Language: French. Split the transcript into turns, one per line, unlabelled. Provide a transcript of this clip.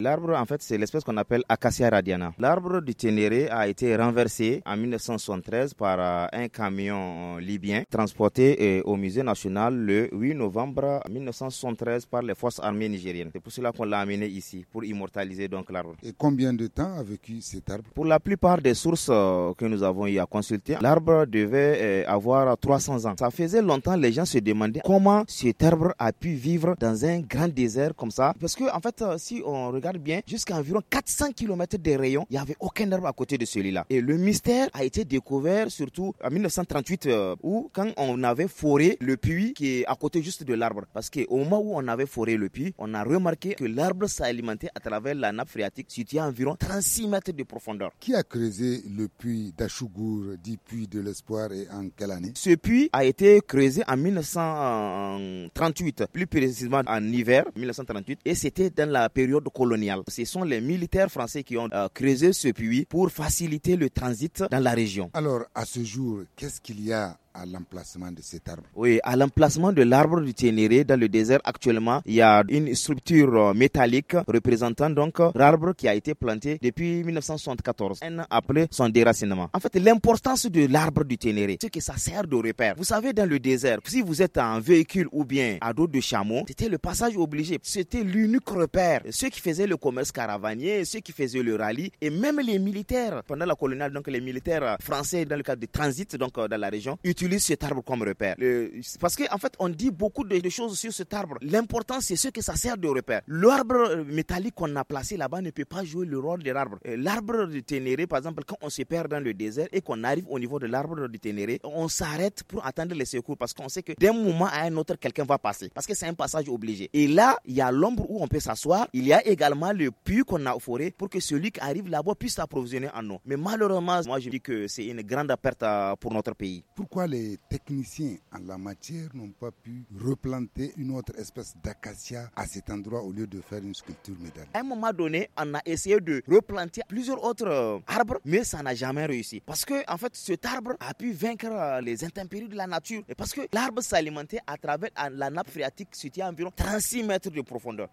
L'arbre, en fait, c'est l'espèce qu'on appelle Acacia radiana. L'arbre du Ténéré a été renversé en 1973 par euh, un camion euh, libyen transporté euh, au musée national le 8 novembre 1973 par les forces armées nigériennes. C'est pour cela qu'on l'a amené ici, pour immortaliser donc l'arbre. Et
combien de temps a vécu cet arbre Pour la plupart des sources que nous
avons eu à consulter, l'arbre devait avoir 300 ans. Ça faisait longtemps, les gens se demandaient comment cet arbre a pu vivre dans un grand désert comme ça. Parce que, en fait, si on regarde bien, jusqu'à environ 400 km des rayons, il n'y avait aucun arbre à côté de celui-là. Et le mystère a été découvert surtout en 1938, euh, où quand on avait foré le puits qui est à côté juste de l'arbre. Parce qu'au moment où on avait foré le puits, on a remarqué que l'arbre s'alimentait à travers la nappe phréatique située à environ 36 mètres de profondeur.
Qui a creusé le puits d'Achougour, dit puits de l'espoir et en quelle année Ce puits a été creusé en
1938, plus précisément en hiver 1938, et c'était dans la période coloniale ce sont les militaires français qui ont euh, creusé ce puits pour faciliter le transit dans la région.
Alors, à ce jour, qu'est-ce qu'il y a à l'emplacement de cet arbre
Oui, à l'emplacement de l'arbre du Ténéré dans le désert actuellement, il y a une structure euh, métallique représentant donc euh, l'arbre qui a été planté depuis 1974, un an après son déracinement. En fait, l'importance de l'arbre du Ténéré, c'est que ça sert de repère. Vous savez, dans le désert, si vous êtes en véhicule ou bien à dos de chameau, c'était le passage obligé. C'était l'unique repère. Ceux qui faisaient le commerce caravanier, ceux qui faisaient le rallye et même les militaires pendant la coloniale, donc les militaires euh, français dans le cadre du transit, donc dans la région, utilisaient cet arbre comme repère. Euh, parce que en fait, on dit beaucoup de, choses sur cet arbre. L'important, c'est ce que ça sert de repère. L'arbre métallique qu'on a placé là-bas ne peut pas jouer le rôle de l'arbre. Euh, l'arbre de Ténéré, par exemple, quand on se perd dans le désert et qu'on arrive au niveau de l'arbre de Ténéré, on s'arrête pour attendre les secours parce qu'on sait que d'un moment à un autre, quelqu'un va passer. Parce que c'est un passage obligé. Et là, il y a l'ombre où on peut s'asseoir. Il y a également le puits qu'on a au forêt pour que celui qui arrive là-bas puisse s'approvisionner en eau. Mais malheureusement, moi je dis que c'est une
grande perte euh, pour notre pays. Pourquoi les les techniciens en la matière n'ont pas pu replanter une autre espèce d'acacia à cet endroit au lieu de faire une sculpture médaille.
À un moment donné, on a essayé de replanter plusieurs autres euh, arbres, mais ça n'a jamais réussi. Parce que, en fait, cet arbre a pu vaincre euh, les intempéries de la nature. Et parce que l'arbre s'alimentait à travers la nappe phréatique située à environ 36 mètres de profondeur.